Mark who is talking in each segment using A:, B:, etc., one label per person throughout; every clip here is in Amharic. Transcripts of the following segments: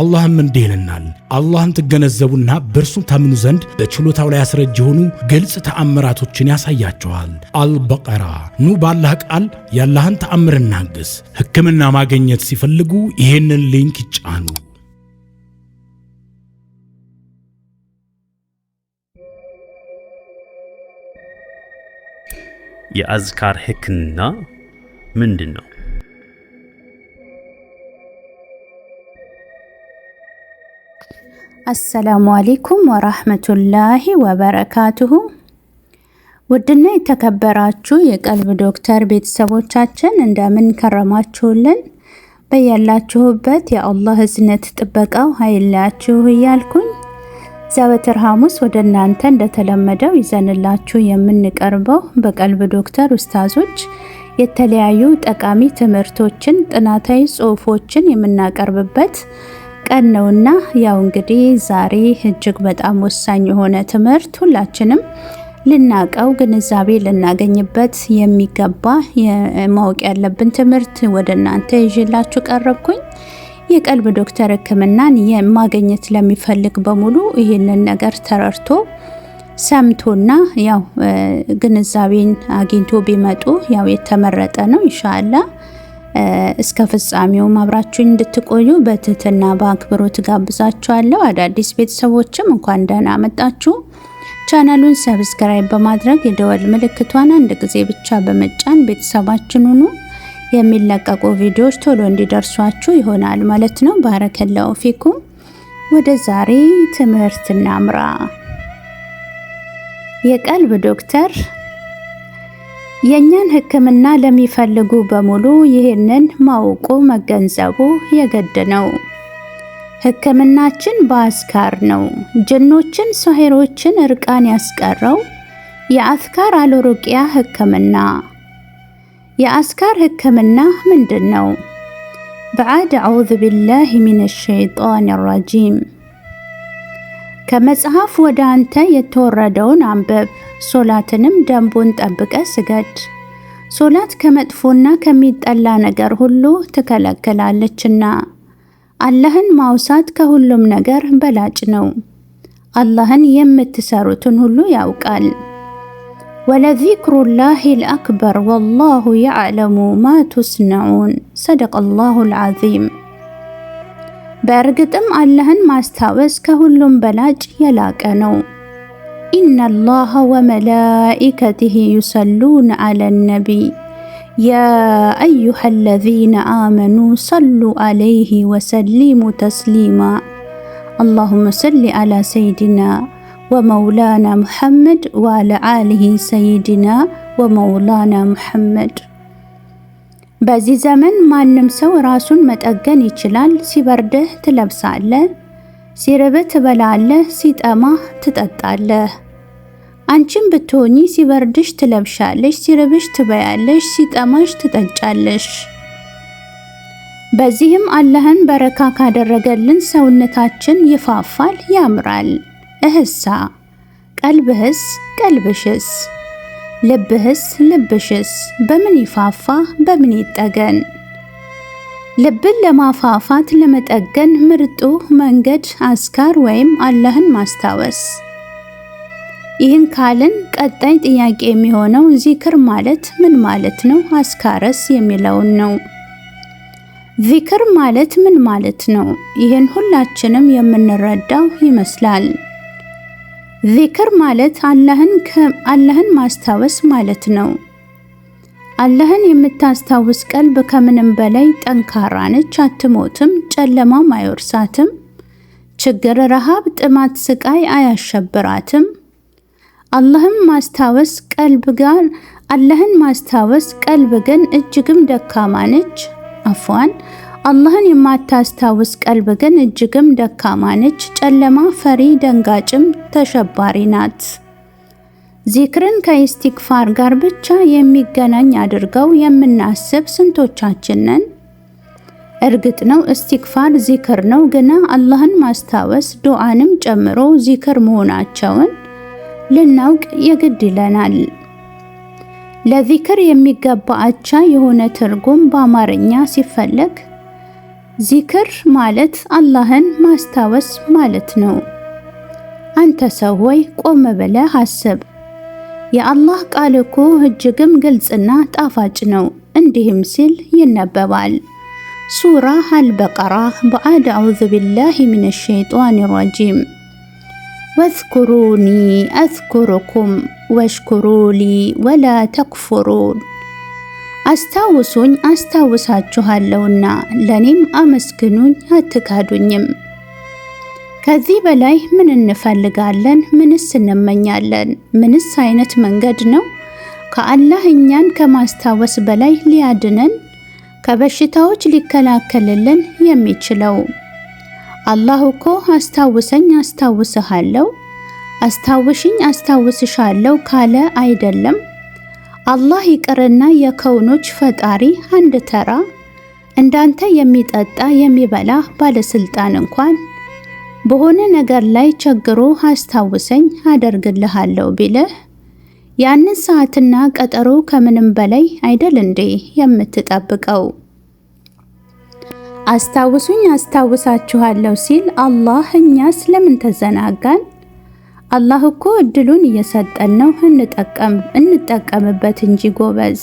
A: አላህም እንዲህ ይለናል፣ አላህን ትገነዘቡና በእርሱ ታምኑ ዘንድ በችሎታው ላይ አስረጅ የሆኑ ግልጽ ተአምራቶችን ያሳያቸዋል። አልበቀራ ኑ ባላህ ቃል ያላህን ተአምር እናግስ። ሕክምና ማግኘት ሲፈልጉ ይህንን ሊንክ ይጫኑ። የአዝካር ሕክምና ምንድን ነው?
B: አሰላሙ አሌይኩም ወራህመቱላሂ ወበረካቱሁ። ውድና የተከበራችሁ የቀልብ ዶክተር ቤተሰቦቻችን እንደምን ከረማችሁልን? በያላችሁበት የአላህ እዝነት ጥበቃው ሀይላችሁ እያልኩኝ ዘወትር ሐሙስ ወደ እናንተ እንደተለመደው ይዘንላችሁ የምንቀርበው በቀልብ ዶክተር ኡስታዞች የተለያዩ ጠቃሚ ትምህርቶችን፣ ጥናታዊ ጽሁፎችን የምናቀርብበት ቀን ነውና ያው እንግዲህ ዛሬ እጅግ በጣም ወሳኝ የሆነ ትምህርት ሁላችንም ልናቀው ግንዛቤ ልናገኝበት የሚገባ ማወቅ ያለብን ትምህርት ወደ እናንተ ይዤላችሁ ቀረብኩኝ። የቀልብ ዶክተር ሕክምናን የማገኘት ለሚፈልግ በሙሉ ይህንን ነገር ተረድቶ ሰምቶና ያው ግንዛቤን አግኝቶ ቢመጡ ያው የተመረጠ ነው ኢንሻአላህ። እስከ ፍጻሜውም አብራችሁኝ እንድትቆዩ በትህትና በአክብሮት ጋብዛችኋለሁ። አዳዲስ ቤተሰቦችም እንኳን ደህና መጣችሁ። ቻናሉን ሰብስክራይብ በማድረግ የደወል ምልክቷን አንድ ጊዜ ብቻ በመጫን ቤተሰባችን ሁኑ። የሚለቀቁ ቪዲዮዎች ቶሎ እንዲደርሷችሁ ይሆናል ማለት ነው። ባረከላው ፊኩም። ወደ ዛሬ ትምህርት እናምራ። የቀልብ ዶክተር የእኛን ሕክምና ለሚፈልጉ በሙሉ ይህንን ማወቁ መገንዘቡ የግድ ነው። ሕክምናችን በአስካር ነው። ጅኖችን፣ ሶሄሮችን እርቃን ያስቀረው የአስካር አልሩቅያ ሕክምና። የአስካር ሕክምና ምንድን ነው? በዓድ አዑዝ ቢላህ ሚን ሸይጣን ረጂም ከመጽሐፍ ወደ አንተ የተወረደውን አንብብ፣ ሶላትንም ደንቡን ጠብቀ ስገድ። ሶላት ከመጥፎና ከሚጠላ ነገር ሁሉ ትከለክላለችና። አላህን ማውሳት ከሁሉም ነገር በላጭ ነው። አላህን የምትሰሩትን ሁሉ ያውቃል። ወለዚክሩላሂ ልአክበር ወላሁ ያዕለሙ ማ ቱስነዑን። ሰደቀ ላሁ ልዓዚም በእርግጥም አላህን ማስታወስ ከሁሉም በላጭ የላቀ ነው። ኢነ አላህ ወመላኢከቲህ ዩሰሉነ አለ ነቢይ ያ አዩሃ አለዚነ አመኑ ሰሉ አለይህ ወሰሊሙ ተስሊማ አላሁመ ሰሊ አላ ሰይድና ومولانا محمد وعلى آله سيدنا ومولانا محمد በዚህ ዘመን ማንም ሰው ራሱን መጠገን ይችላል። ሲበርድህ ትለብሳለህ፣ ሲርብህ ትበላለህ፣ ሲጠማህ ትጠጣለህ። አንቺም ብትሆኚ ሲበርድሽ ትለብሻለሽ፣ ሲርብሽ ትበያለሽ፣ ሲጠማሽ ትጠጫለሽ። በዚህም አላህን በረካ ካደረገልን ሰውነታችን ይፋፋል፣ ያምራል። እህሳ ቀልብህስ? ቀልብሽስ? ልብህስ ልብሽስ በምን ይፋፋ በምን ይጠገን? ልብን ለማፋፋት ለመጠገን ምርጡ መንገድ አዝካር ወይም አላህን ማስታወስ። ይህን ካልን ቀጣይ ጥያቄ የሚሆነው ዚክር ማለት ምን ማለት ነው? አዝካርስ የሚለውን ነው። ዚክር ማለት ምን ማለት ነው? ይህን ሁላችንም የምንረዳው ይመስላል። ዚክር ማለት አላህን ማስታወስ ማለት ነው። አላህን የምታስታውስ ቀልብ ከምንም በላይ ጠንካራ ነች። አትሞትም፣ ጨለማም አይወርሳትም፣ ችግር፣ ረሃብ፣ ጥማት፣ ስቃይ አያሸብራትም። አላህን ማስታወስ ቀልብ ጋር አላህን ማስታወስ ቀልብ ግን እጅግም ደካማ ነች። አፏን አላህን የማታስታውስ ቀልብ ግን እጅግም ደካማ ነች፣ ጨለማ ፈሪ ደንጋጭም ተሸባሪ ናት። ዚክርን ከኢስቲክፋር ጋር ብቻ የሚገናኝ አድርገው የምናስብ ስንቶቻችን ነን? እርግጥ ነው እስቲክፋር ዚክር ነው፣ ግና አላህን ማስታወስ ዱዓንም ጨምሮ ዚክር መሆናቸውን ልናውቅ የግድ ይለናል። ለዚክር የሚገባ አቻ የሆነ ትርጉም በአማርኛ ሲፈለግ ዚክር ማለት አላህን ማስታወስ ማለት ነው። አንተ ሰው ሆይ ቆመ ብለህ አስብ። የአላህ ቃል እኮ እጅግም ግልጽና ጣፋጭ ነው። እንዲህም ሲል ይነበባል። ሱራ አልበቀራ በአድ አዑዙ ቢላሂ ሚነ ሸይጣን ረጂም ወዝኩሩኒ አዝኩርኩም ወሽኩሩሊ ወላ ተክፉሩን አስታውሱኝ አስታውሳችኋለሁና ለእኔም አመስግኑኝ አትካዱኝም። ከዚህ በላይ ምን እንፈልጋለን? ምንስ እንመኛለን? ምንስ አይነት መንገድ ነው ከአላህ እኛን ከማስታወስ በላይ ሊያድነን ከበሽታዎች ሊከላከልልን የሚችለው? አላህ እኮ አስታውሰኝ አስታውስሃለሁ አስታውሽኝ አስታውስሻለሁ ካለ አይደለም አላህ ይቅርና የከውኖች ፈጣሪ አንድ ተራ እንዳንተ የሚጠጣ የሚበላ ባለስልጣን እንኳን በሆነ ነገር ላይ ቸግሮ አስታውሰኝ አደርግልሃለሁ ቢልህ ያንን ሰዓትና ቀጠሮ ከምንም በላይ አይደል እንዴ የምትጠብቀው? አስታውሱኝ አስታውሳችኋለሁ ሲል አላህ እኛስ ለምን ተዘናጋን? አላህ እኮ እድሉን እየሰጠን ነው፣ እንጠቀምበት እንጂ ጎበዝ።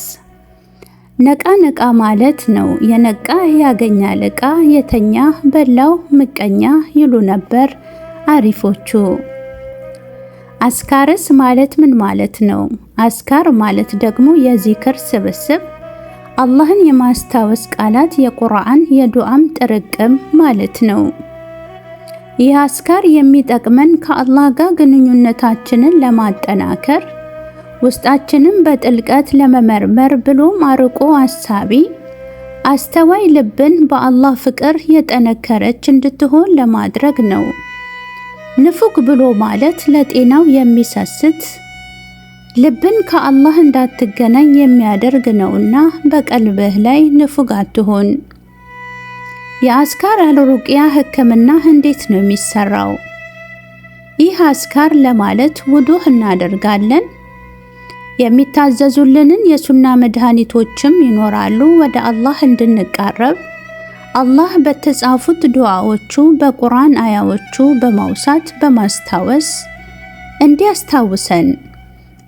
B: ነቃ ነቃ ማለት ነው። የነቃ ያገኛል እቃ የተኛ በላው ምቀኛ ይሉ ነበር አሪፎቹ። አስካርስ ማለት ምን ማለት ነው? አስካር ማለት ደግሞ የዚክር ስብስብ፣ አላህን የማስታወስ ቃላት፣ የቁርአን የዱዓም ጥርቅም ማለት ነው። ይህ አስካር የሚጠቅመን ከአላህ ጋር ግንኙነታችንን ለማጠናከር ውስጣችንን በጥልቀት ለመመርመር ብሎም አርቆ አሳቢ አስተዋይ ልብን በአላህ ፍቅር የጠነከረች እንድትሆን ለማድረግ ነው። ንፉግ ብሎ ማለት ለጤናው የሚሰስት ልብን ከአላህ እንዳትገናኝ የሚያደርግ ነውና በቀልብህ ላይ ንፉግ አትሆን። የአስካር አልሩቅያ ህክምና እንዴት ነው የሚሰራው? ይህ አስካር ለማለት ውዱህ እናደርጋለን። የሚታዘዙልንን የሱና መድኃኒቶችም ይኖራሉ። ወደ አላህ እንድንቃረብ አላህ በተጻፉት ዱዓዎቹ፣ በቁርአን አያዎቹ በማውሳት በማስታወስ እንዲያስታውሰን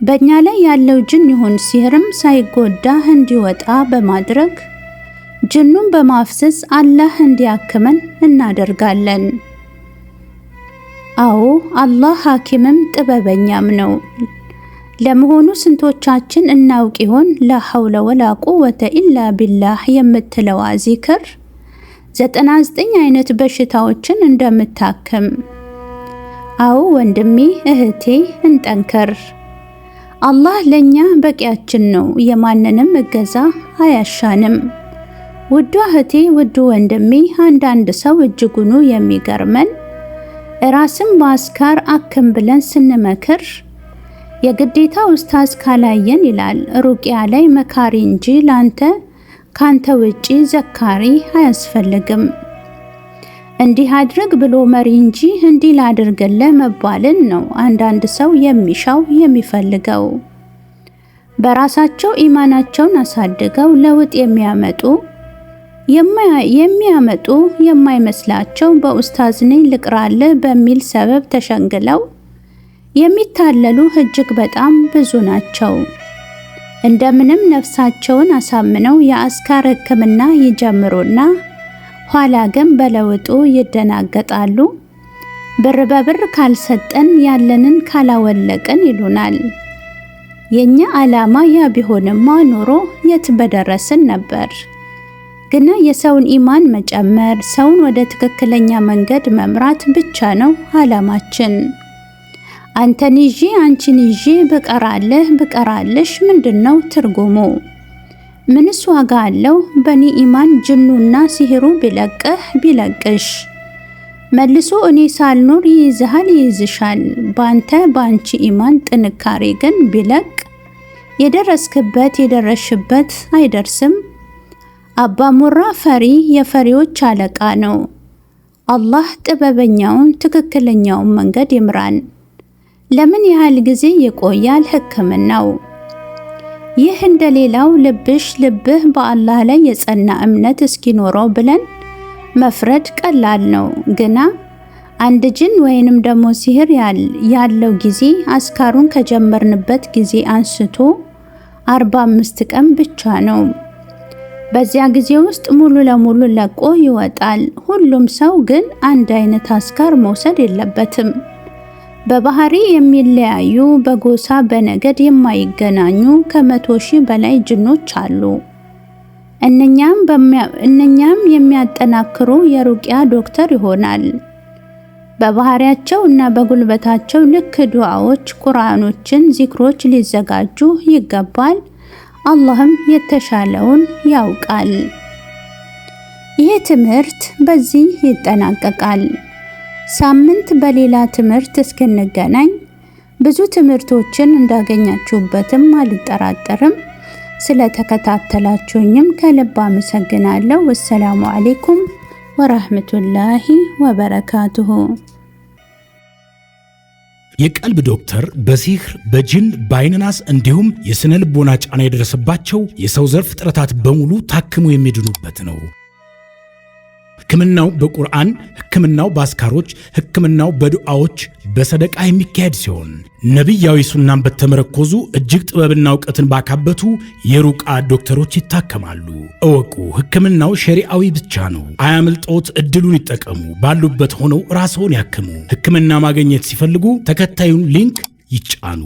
B: በእኛ ላይ ያለው ጅን ይሁን ሲህርም ሳይጎዳ እንዲወጣ በማድረግ ጅኑን በማፍሰስ አላህ እንዲያክመን እናደርጋለን። አዎ አላህ ሐኪምም ጥበበኛም ነው። ለመሆኑ ስንቶቻችን እናውቅ ይሆን ላሐውለ ወላ ቁወተ ኢላ ቢላህ የምትለዋ ዚክር 99 አይነት በሽታዎችን እንደምታክም? አዎ ወንድሜ እህቴ እንጠንከር። አላህ ለኛ በቂያችን ነው። የማንንም እገዛ አያሻንም። ውዱ እህቴ፣ ውዱ ወንድሜ፣ አንዳንድ ሰው እጅጉኑ የሚገርመን ራስን በአስካር አክም ብለን ስንመክር የግዴታ ውስታዝ ካላየን ይላል። ሩቅያ ላይ መካሪ እንጂ ላንተ ካንተ ውጪ ዘካሪ አያስፈልግም። እንዲህ አድርግ ብሎ መሪ እንጂ እንዲህ ላድርግልህ መባልን ነው አንዳንድ ሰው የሚሻው የሚፈልገው። በራሳቸው ኢማናቸውን አሳድገው ለውጥ የሚያመጡ የሚያመጡ የማይመስላቸው በኡስታዝ ነኝ ልቅራልህ በሚል ሰበብ ተሸንግለው የሚታለሉ እጅግ በጣም ብዙ ናቸው። እንደምንም ነፍሳቸውን አሳምነው የአስካር ሕክምና ይጀምሩና ኋላ ግን በለውጡ ይደናገጣሉ። ብር በብር ካልሰጠን ያለንን ካላወለቅን ይሉናል። የእኛ ዓላማ ያ ቢሆንማ ኑሮ የት በደረስን ነበር። ግና የሰውን ኢማን መጨመር፣ ሰውን ወደ ትክክለኛ መንገድ መምራት ብቻ ነው አላማችን። አንተን ይዤ አንቺን ይዤ ብቀራለህ ብቀራለሽ ምንድን ነው ትርጉሙ? ምንስ ዋጋ አለው? በእኔ ኢማን ጅኑና ሲህሩ ቢለቅህ ቢለቅሽ መልሶ እኔ ሳልኖር ይይዝሃል ይይዝሻል። ባንተ በአንቺ ኢማን ጥንካሬ ግን ቢለቅ የደረስክበት የደረሽበት አይደርስም አባሞራ ፈሪ የፈሪዎች አለቃ ነው። አላህ ጥበበኛውን ትክክለኛውን መንገድ ይምራን። ለምን ያህል ጊዜ ይቆያል ህክምናው? ይህ እንደሌላው ልብሽ ልብህ በአላህ ላይ የጸና እምነት እስኪኖረው ብለን መፍረድ ቀላል ነው። ግና አንድ ጅን ወይንም ደግሞ ሲህር ያለው ጊዜ አስካሩን ከጀመርንበት ጊዜ አንስቶ 45 ቀን ብቻ ነው። በዚያ ጊዜ ውስጥ ሙሉ ለሙሉ ለቆ ይወጣል። ሁሉም ሰው ግን አንድ አይነት አስካር መውሰድ የለበትም። በባህሪ የሚለያዩ በጎሳ በነገድ የማይገናኙ ከመቶ ሺህ በላይ ጅኖች አሉ። እነኛም የሚያጠናክሩ የሩቅያ ዶክተር ይሆናል። በባህሪያቸው እና በጉልበታቸው ልክ ዱዓዎች፣ ቁርአኖችን፣ ዚክሮች ሊዘጋጁ ይገባል። አላህም የተሻለውን ያውቃል። ይህ ትምህርት በዚህ ይጠናቀቃል። ሳምንት በሌላ ትምህርት እስክንገናኝ ብዙ ትምህርቶችን እንዳገኛችሁበትም አልጠራጠርም። ስለተከታተላችሁኝም ከልብ አመሰግናለሁ። ወሰላሙ አሌይኩም ወራህመቱላሂ ወበረካቱሁ።
A: የቀልብ ዶክተር በሲህር በጅን በአይንናስ እንዲሁም የስነ ልቦና ጫና የደረሰባቸው የሰው ዘር ፍጥረታት በሙሉ ታክሞ የሚድኑበት ነው። ህክምናው በቁርአን፣ ህክምናው በአስካሮች፣ ህክምናው በዱዓዎች፣ በሰደቃ የሚካሄድ ሲሆን ነቢያዊ ሱናን በተመረኮዙ እጅግ ጥበብና እውቀትን ባካበቱ የሩቃ ዶክተሮች ይታከማሉ። እወቁ፣ ህክምናው ሸሪአዊ ብቻ ነው። አያምልጦት፣ እድሉን ይጠቀሙ። ባሉበት ሆነው ራስዎን ያክሙ። ህክምና ማግኘት ሲፈልጉ ተከታዩን ሊንክ ይጫኑ።